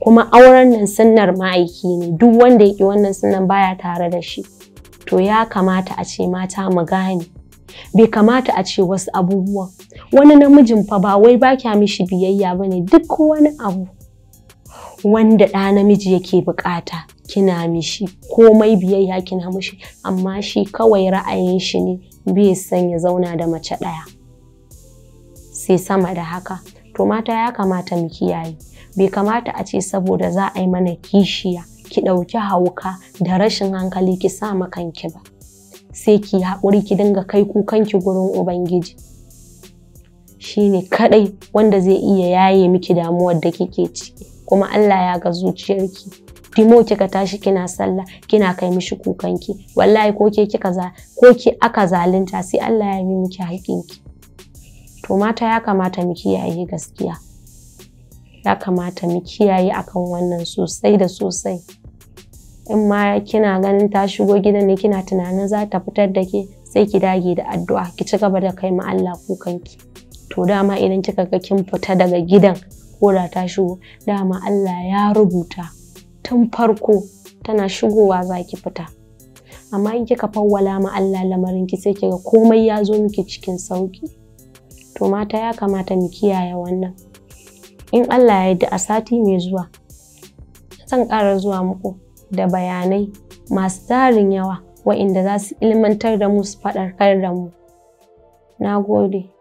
kuma auren nan sunnar ma'aiki ne duk wanda ya ƙi wannan sunnan baya tare da shi to ya kamata a ce mata mu gane bai kamata a ce wasu abubuwan wani namijin fa ba wai ba kya mishi biyayya ba ne duk wani abu wanda ɗa namiji yake bukata kina mishi komai biyayya kina mishi amma shi kawai ra'ayin shi ne bai son ya zauna da mace ɗaya sai sama da haka to mata ya kamata mu kiyaye bai kamata a ce saboda za a yi mana kishiya ki ɗauki hauka da rashin hankali ki sa kanki ba sai ki haƙuri ki dinga kai kukanki gurin ubangiji shine kaɗai wanda zai iya yaye miki damuwar da kike ciki kuma Allah ya ga zuciyarki fimo kika tashi kina sallah kina kai mishi kukanki wallahi ko ke kika za ko ki aka zalunta sai Allah ya yi miki haƙinki to mata ya kamata mu kiyaye gaskiya ya kamata mu kiyaye akan wannan sosai da sosai in ma kina ganin ta shigo gidan ne kina tunanin za ta fitar da ke sai ki dage da addu'a ki ci gaba da kai ma Allah ki to dama idan kika ga kin fita daga gidan ko da ta shigo dama Allah ya rubuta tun farko tana shigowa za ki fita amma in kika fawwala ma Allah lamarin ki sai kiga komai ya zo miki cikin sauki to mata ya kamata mu kiyaye wannan in allah ya yarda a sati mai zuwa zan ƙara zuwa muku da bayanai masu tarin yawa wa'inda za su ilmantar da mu su faɗarkar da mu na gode